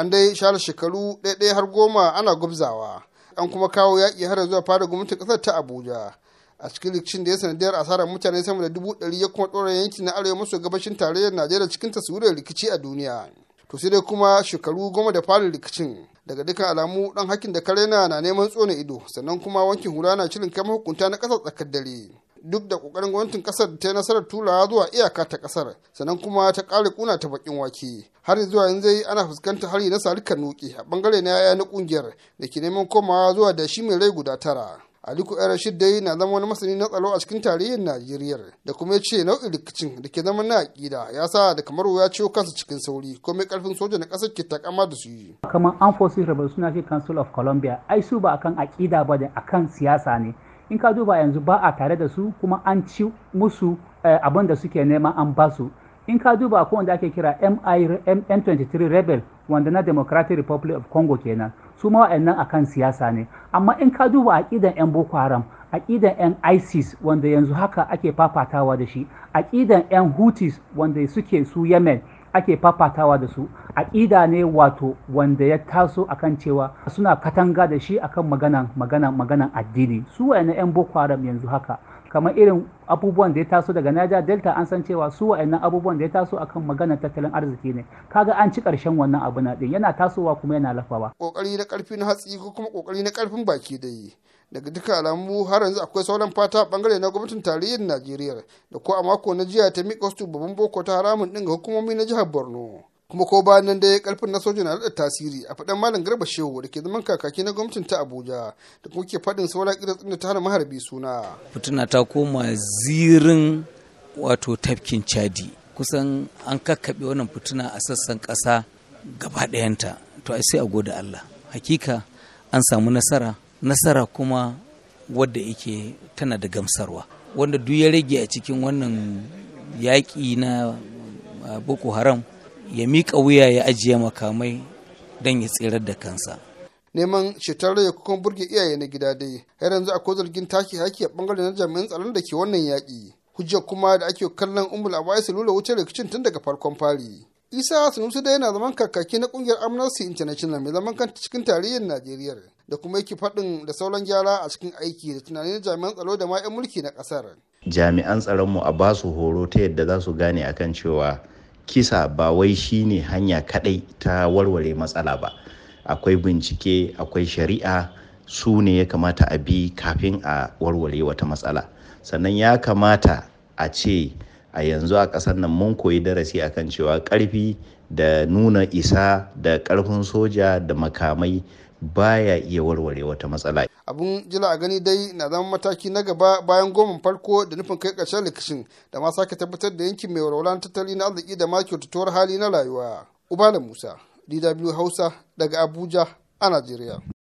an dai share shekaru ɗaya har goma ana gwabzawa an kuma kawo yaƙi har zuwa fara gwamnatin ƙasar ta abuja a cikin rikicin da ya sanadiyar asarar mutane sama da dubu ɗari ya kuma ɗora yankin na arewa maso gabashin tarayyar najeriya cikin taswirar rikici a duniya to sai dai kuma shekaru goma da fara rikicin daga dukkan alamu ɗan hakin da karena na neman tsone ido sannan kuma wankin hula na shirin kai mahukunta na ƙasar tsakar dare duk da ƙoƙarin gwamnatin ƙasar ta yi nasarar turawa zuwa iyaka ta ƙasar sannan kuma ta ƙare ƙuna ta baƙin wake har zuwa yanzu zai ana fuskantar hari na sarika nuki a bangare na yaya na kungiyar da ke neman komawa zuwa da shi mai rai guda tara Aliko Yar Rashid dai na zama wani masani na tsaro a cikin tarihin Najeriya da kuma ya ce nau'in rikicin da ke zama na aƙida ya sa da kamar ya ciwo kansa cikin sauri ko mai karfin soja na ƙasar ke takama da su yi. Kamar an fosi Revolutionary Council of Colombia ai su ba akan aƙida ba da akan siyasa ne. In ka duba yanzu ba a tare da su kuma an ci musu eh, abin da suke nema an basu. in ka duba ko wanda ake kira M23 rebel wanda na Democratic Republic of Congo kenan su ma wa'annan akan siyasa ne amma in ka duba aƙidan 'yan Boko Haram aƙidan 'yan ISIS wanda yanzu haka ake fafatawa da shi aƙidan 'yan Houthis wanda suke su Yemen ake fafatawa da su aƙida ne wato wanda ya taso akan cewa suna katanga da shi akan maganan maganan maganan addini su wa'annan 'yan Boko Haram yanzu haka kamar irin abubuwan da ya taso daga naja Delta an san cewa su wa'annan abubuwan da ya taso akan maganar tattalin arziki ne kaga an ci karshen wannan abu na din yana tasowa kuma yana lafawa kokari na na hatsi ko kuma kokari na karfin baki dai daga duka alamu har yanzu akwai sauran fata bangare na gwamnatin tarihin Najeriya da ko a mako na jiya ta miƙa wasu babban boko ta haramun din ga hukumomi na jihar Borno kuma ko bayan nan dai karfin na soja na da tasiri a faɗan malam garba shehu da ke zaman kakaki na gwamnatin ta abuja da kuma ke faɗin saura ƙirar tsinda ta hana maharbi suna fituna ta koma zirin wato tafkin chadi kusan an kakkaɓe wannan fituna a sassan ƙasa gaba ɗayanta to ai sai a gode allah hakika an samu nasara nasara kuma wadda yake tana da gamsarwa wanda duk ya rage a cikin wannan yaƙi na boko haram ya mika wuya ya ajiye makamai don ya tsirar da kansa neman cetar rai kukan burge iyaye na gida dai har yanzu akwai zargin take haki a bangaren na jami'an tsaron da ke wannan yaƙi hujja kuma da ake kallon umul abai su lura wuce rikicin tun daga farkon fari isa sunusu da yana zaman kakaki na kungiyar amnesty international mai zaman kanta cikin tarihin najeriya da kuma yake faɗin da sauran gyara a cikin aiki da tunanin jami'an tsaro da ma'aikatan mulki na ƙasar jami'an tsaronmu a basu horo ta yadda za su gane akan cewa kisa ba wai shi ne hanya kaɗai ta warware matsala ba akwai bincike akwai shari'a su ne ya kamata a bi kafin a warware wata matsala sannan ya kamata a ce a yanzu a ƙasar nan mun koyi darasi akan cewa ƙarfi da nuna isa da ƙarfin soja da makamai baya iya warware wata matsala. Abun jila a gani dai na zama mataki na gaba bayan goman farko da nufin kai ƙarshen rikicin da ma sake tabbatar da yankin mai warwaran tattali na arziki da ma tutuwar hali na rayuwa. Ubala Musa, DW Hausa daga Abuja a Najeriya.